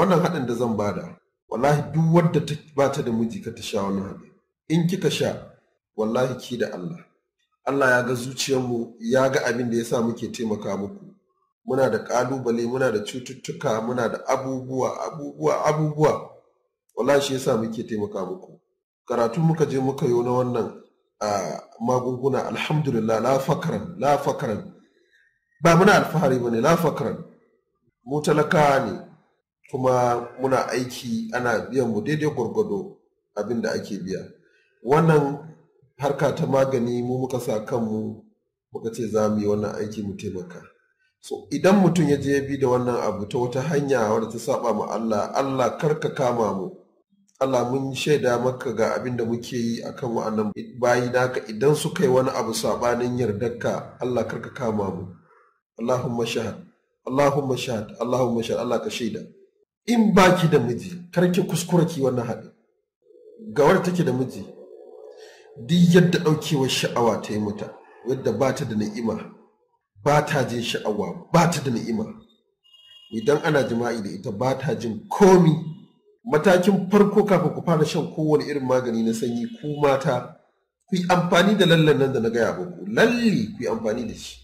wannan haɗin da zan bada wallahi duk wadda ba ta da miji ka ta sha wannan haɗin in kika sha wallahi ki da Allah Allah ya ga zuciyarmu ya ga abin da yasa muke taimaka muku muna da ƙalubale muna da cututtuka muna da abubuwa abubuwa abubuwa wallahi shi yasa muke taimaka muku karatu muka je muka yi na wannan magunguna alhamdulillah la fakran la fakran ba muna alfahari bane la fakran mu talaka ne kuma muna aiki ana biyan mu daidai gwargwado abin da ake biya wannan harka ta magani mu muka sa kanmu muka ce za mu yi wannan aiki mu taimaka so idan mutum ya je bi da wannan abu ta wata hanya wadda ta saba ma Allah Allah karka kama mu Allah mun shaida maka ga abin da muke yi akan wa'annan bayi naka idan suka yi wani abu sabanin yardarka Allah karka kama mu Allahumma shahad Allahumma shahad Allahumma shahad Allah ka shaida in baki da miji kar ki kuskura ki wannan haɗi ga wadda take da miji duk yadda ɗaukewar sha'awa ta yi mata wadda ba ta da ni'ima ba ta jin sha'awa ba ta da ni'ima idan ana jima'i da ita ba ta jin komi matakin farko kafin ku fara shan kowane irin magani na sanyi ku mata ku yi amfani da lallan nan da na gaya muku lalli ku yi amfani da shi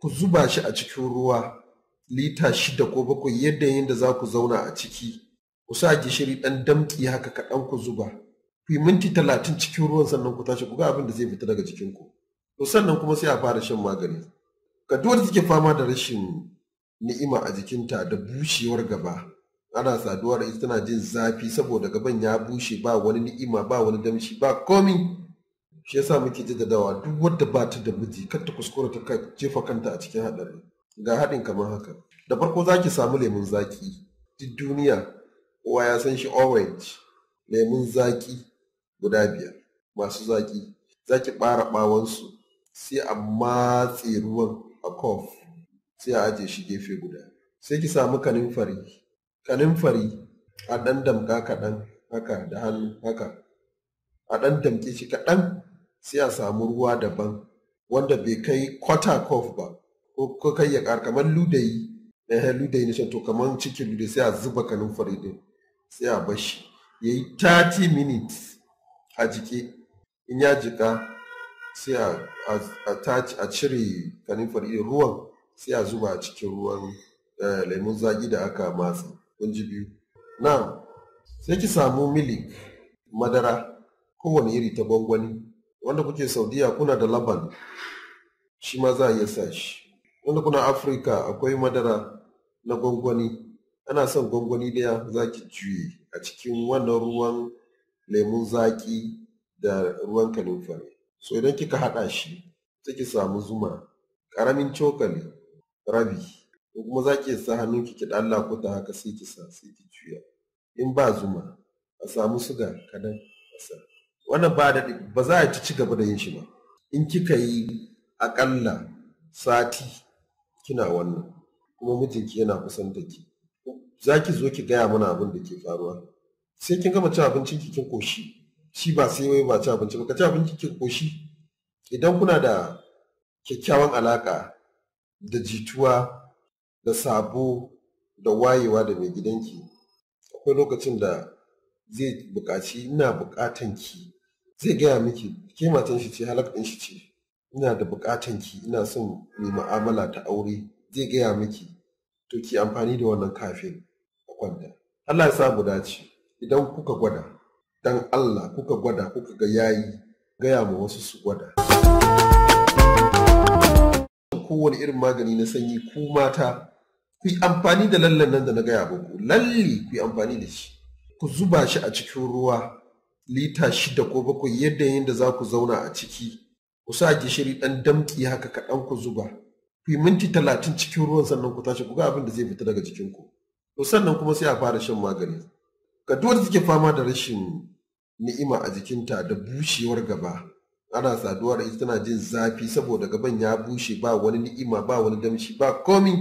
ku zuba shi a cikin ruwa lita shida ko bakwai yadda yin da za ku zauna a ciki ku sa gishiri dan damki haka kaɗan ku zuba ku yi minti talatin cikin ruwan sannan ku tashi ku ga abin da zai fita daga ku to sannan kuma sai a fara shan magani ga duwar take fama da rashin ni'ima a jikinta da bushewar gaba ana saduwa da ita tana jin zafi saboda gaban ya bushe ba wani ni'ima ba wani damshi ba komi shi yasa muke jaddadawa duk wadda ba ta da miji kar ta kuskura ta jefa kanta a cikin haɗari ga haɗin kamar haka da farko za ki samu lemun zaki duk duniya kowa ya san shi orange lemun zaki guda biyar masu zaki za ki ɓara ɓawansu sai a matse ruwan a kof sai a ajiye shi gefe guda sai ki samu kanin fari kanin fari a ɗan damka kaɗan haka da hannu haka a ɗan damke shi kaɗan sai a samu ruwa daban wanda bai kai quarter kof ba ko kai ya kar kamar ludayi eh ludayi ne shan to kamar cikin ludayi sai a zuba kanin fari sai a bashi ya yi 30 minutes a jiki in ya jika sai a cire kanin fari ruwan sai a zuba a cikin ruwan eh, lemun zaki da aka matsa ji biyu na sai ki samu milik madara kowane iri ta gwangwani wanda kuke saudiya kuna da laban shi ma za a iya sa shi wanda kuna afirka akwai madara na gwangwani ana son gwangwani daya zaki juye a cikin wannan ruwan lemun zaki da ruwan kanunfari so idan kika haɗa shi sai ki samu zuma ƙaramin cokali rabi ko kuma za ki sa hannun ki ki ɗan lakuta haka sai ki sa sai ki juya in ba zuma a samu suga kadan a wannan ba da ba za a ci gaba da yin shi ba in kika yi aƙalla sati kina wannan kuma mijinki yana da ki za ki zo ki gaya mana abin da ke faruwa sai kin gama cin abincin ki kin koshi shi ba sai wai ba ci abinci ba ka ci abinci kin koshi idan kuna da kyakkyawan alaka da jituwa da sabo da wayewa da mai gidanki akwai lokacin da zai buƙaci ina buƙatan ki zai gaya miki ke matan shi ce halak shi ce ina da buƙatan ki ina son mu ma'amala ta aure zai gaya miki to ki amfani da wannan kafin a kwanta Allah ya sa mu dace idan kuka gwada dan Allah kuka gwada kuka ga yayi gaya ma wasu su gwada kowane irin magani na sanyi ku mata ku yi amfani da lallan nan da na gaya muku lalle ku yi amfani da shi ku zuba shi a cikin ruwa lita shida ko bakwai yadda yadda za ku zauna a ciki ku sa gishiri ɗan damki haka kaɗan ku zuba ku yi minti talatin cikin ruwan sannan ku tashi ku ga abin da zai fita daga jikinku to sannan kuma sai a fara shan magani ga duk wanda take fama da rashin ni'ima a jikinta da bushewar gaba ana saduwa da ita tana jin zafi saboda gaban ya bushe ba wani ni'ima ba wani damshi ba komi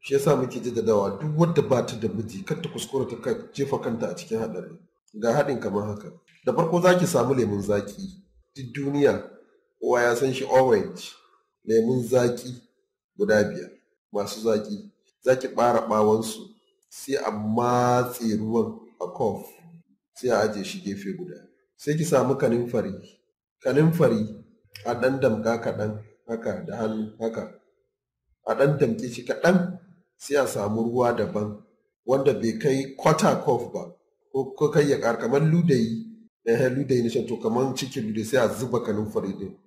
shi yasa muke jaddadawa duk wadda ba ta da miji kar ta kuskura ta jefa kanta a cikin haɗari ga haɗin kamar haka da farko zaki samu lemun zaki duk duniya kowa ya san shi orange lemun zaki guda biyar masu zaki zaki ɓara ɓawansu sai a matse ruwan a kof sai a ajiye shi gefe guda sai ki samu kanin fari kanin fari a ɗan damka kaɗan haka da hannu haka a ɗan damke shi kaɗan sai a samu ruwa daban wanda bai kai quarter kof ba ko kai ya ƙar kamar ludayi ɗaya eh, ludayi na shan to kamar cikin ludayi sai a zuba kanin fari din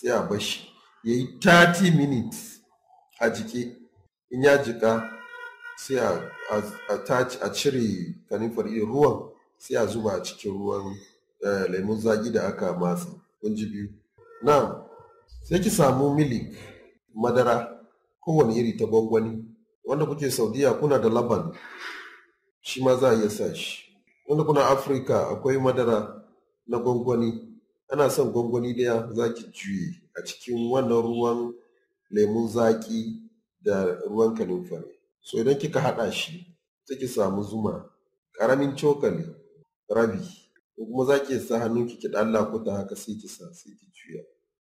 sai a bashi ya yi 30 minutes a jike in ya jika sai a cire kanifar ruwan sai a zuba a cikin ruwan eh, lemun zaki da aka matsa ji biyu na sai ki samu milik madara kowane iri ta gwangwani wanda kuke saudiya kuna da laban shi ma za a iya sa shi wanda kuna afirka akwai madara na gwangwani ana son gwangwani daya za ki juye a cikin wannan ruwan lemun zaki da ruwan kanunfari so idan kika haɗa shi sai ki samu zuma ƙaramin cokali rabi ko kuma za ki sa hannun ki ki ɗan lakuta haka sai ki sa sai ki juya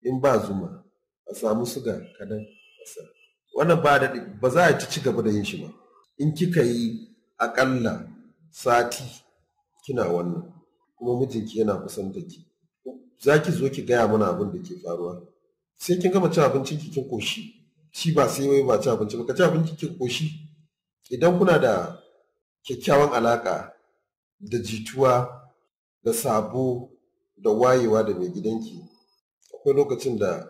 in ba zuma a samu suga kadan a sa wannan ba daɗi ba za a ci gaba da yin shi ba in kika yi aƙalla sati kina wannan kuma mijinki yana kusanta ki za ki zo ki gaya mana abin da ke faruwa sai kin gama cin abincin ki kin koshi shi ba sai wai ba ci abinci ba ka ci abinci kin koshi idan kuna da kyakkyawan alaka da jituwa da sabo da wayewa da mai gidanki akwai lokacin da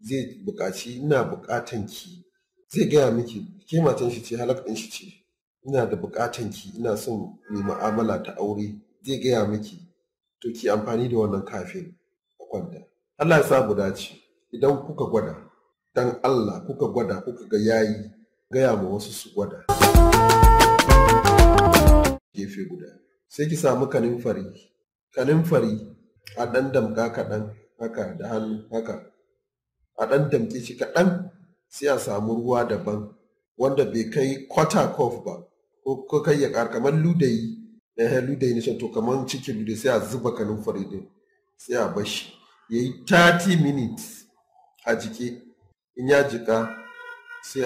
zai buƙaci ina buƙatan ki zai gaya miki ke matan shi ce halak ɗin shi ce ina da buƙatan ki ina son mai mu'amala ta aure zai gaya miki to ki amfani da wannan kafin kwanta Allah ya sa dace idan kuka gwada dan Allah kuka gwada kuka ga yayi gaya ma wasu su gwada gefe guda sai ki samu kanin fari kanin fari a ɗan damka kaɗan haka da hannu haka a ɗan damke shi kaɗan sai a samu ruwa daban wanda bai kai quarter cup ba ko kai ya ƙar kamar eh, ludayi na ludayi ne to kamar cikin ludayi sai a zuba kanin fari din sai a bashi ya yi 30 minutes a jiki, in ya jika sai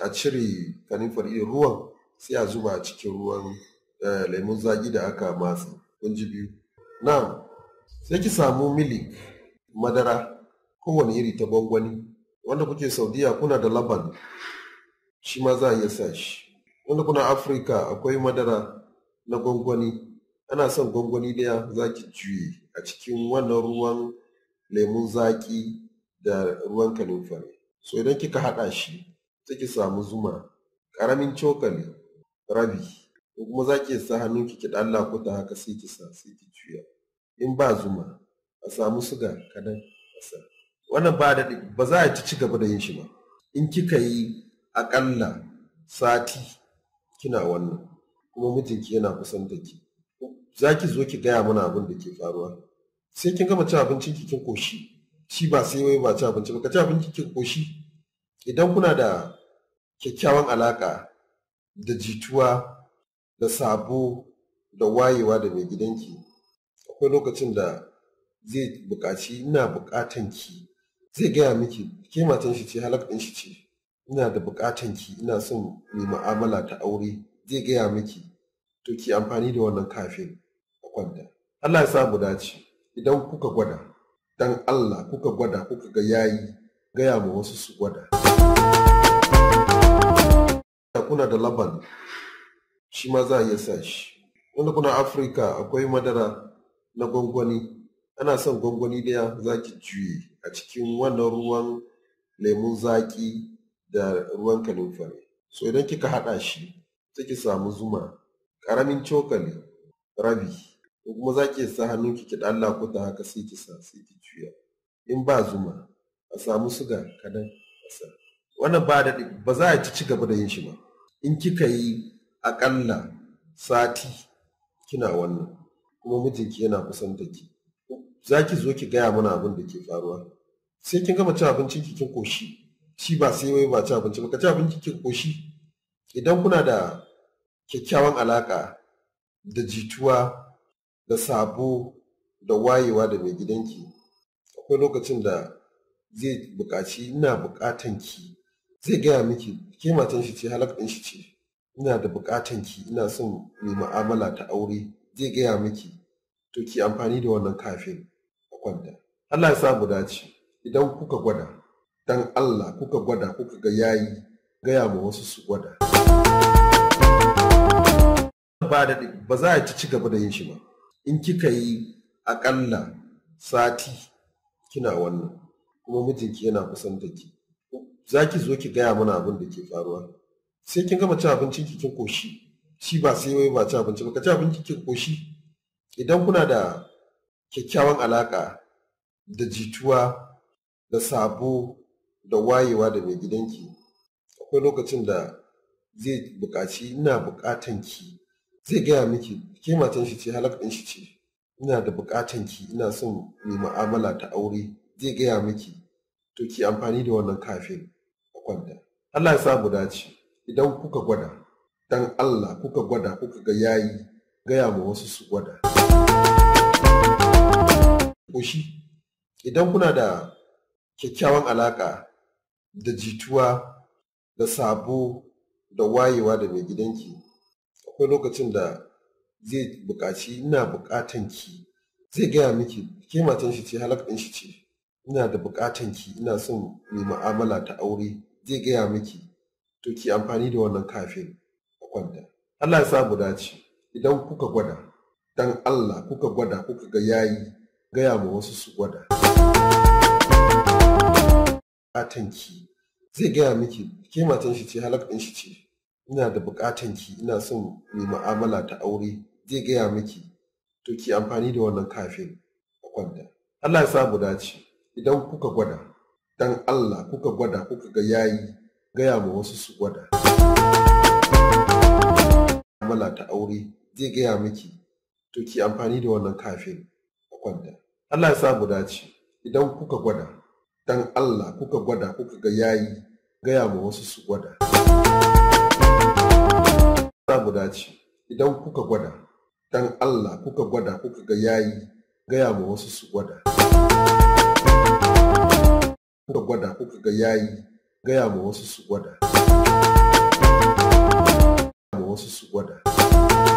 a cire kanifar ruwan sai a zuba a cikin ruwan eh, lemun zagi da aka matsa kunji biyu na sai ki samu milik madara kowane iri ta gwangwani wanda kuke saudiya kuna da laban shi ma za a iya sa shi wanda kuna afirka akwai madara na gwangwani ana son gwangwani ɗaya za ki juye a cikin wannan ruwan lemun zaƙi da ruwan kanunfari so idan kika haɗa shi sai ki samu zuma ƙaramin cokali rabi ko kuma za ki sa hannun ki ki ɗan lakuta haka sai ki sa sai ki juya in ba zuma a samu suga kadan a wannan ba da ba za a ci gaba da yin shi ba in kika yi aƙalla sati kina wannan kuma mijinki yana kusantaki. ki za ki zo ki gaya mana abin da ke faruwa sai kin gama cin abincin ki kin koshi shi ba sai wai ba ci abinci ba ka ci abinci kin koshi idan kuna da kyakkyawan alaka da jituwa da sabo da wayewa da mai gidanki akwai lokacin da zai buƙaci ina buƙatan ki zai gaya miki ke matan shi ce halak shi ce ina da buƙatan ki ina son mai mu'amala ta aure zai gaya miki to ki amfani da wannan kafin kwanta Allah ya sa mu dace idan kuka gwada dan Allah kuka gwada kuka ga yayi gaya ma wasu su gwada kuna da laban shi ma za a iya sa shi wanda kuna afirka akwai madara na gwangwani ana son gwangwani daya za ki juye a cikin wannan ruwan lemun zaƙi da ruwan kanunfari so idan kika haɗa shi sai ki samu zuma Karamin cokali rabi ko kuma za ki sa hannun ki ki ko ta haka sai ki sa sai ki juya in ba zuma a samu suga kadan a sa wannan ba da ba za a ci ci gaba da yin shi ba in kika yi akalla sati kina wannan kuma mijinki yana kusanta ki za ki zo ki gaya mana abin da ke faruwa sai kin gama cin abincin ki kin koshi shi ba sai wai ba ci abinci ba ka ci abinci kin koshi idan kuna da kyakkyawan alaka da jituwa da sabo da wayewa da mai gidanki akwai lokacin da zai buƙaci ina buƙatan ki zai gaya miki ke matan shi ce halak shi ce ina da buƙatan ki ina son mai mu'amala ta aure zai gaya miki to ki amfani da wannan kafin a kwanta Allah ya sa mu dace idan kuka gwada dan Allah kuka gwada kuka ga yayi gaya ma wasu su gwada ba ba za a ci gaba da yin shi ba in kika yi aƙalla sati kina wannan kuma mijinki yana kusan da ki za ki zo ki gaya mana abin da ke faruwa sai kin gama cin abincin ki kin koshi shi ba sai wai ba ci abinci ba ka ci abinci kin koshi idan kuna da kyakkyawan alaka da jituwa da sabo da wayewa da mai gidanki akwai lokacin da zai buƙaci ina buƙatan ki zai gaya miki ke matan shi ce halak ɗin shi ce ina da buƙatan ki ina son mai mu'amala ta aure zai gaya miki to ki amfani da wannan kafin a kwanta Allah ya sa mu dace idan kuka gwada dan Allah kuka gwada kuka ga yayi gaya ma wasu su gwada koshi idan kuna da kyakkyawan alaƙa da jituwa da sabo da wayewa da mai gidanki akwai lokacin da zai buƙaci ina buƙatan ki zai gaya miki ke matan shi ce halak shi ce ina da buƙatan ki ina son mai mu'amala ta aure zai gaya miki to ki amfani da wannan kafin a kwanta Allah ya sa mu dace idan kuka gwada dan Allah kuka gwada kuka ga yayi gaya ma wasu su gwada buƙatan ki zai gaya miki ke matan shi ce halak shi ce ina da buƙatan ki ina son mu mu'amala ta aure zai gaya miki to ki amfani da wannan kafin a kwanta Allah ya sa mu dace idan kuka gwada dan Allah kuka gwada kuka ga yayi gaya ma wasu su gwada mu'amala ta aure zai gaya miki to ki amfani da wannan kafin a kwanta Allah ya sa mu dace idan kuka gwada dan Allah kuka gwada kuka ga yayi gaya ma wasu su gwada guda ce idan kuka gwada dan Allah kuka gwada kuka ga yayi gaya ma wasu su gwada kuka gwada kuka ga yayi gaya ma wasu su gwada ma wasu su gwada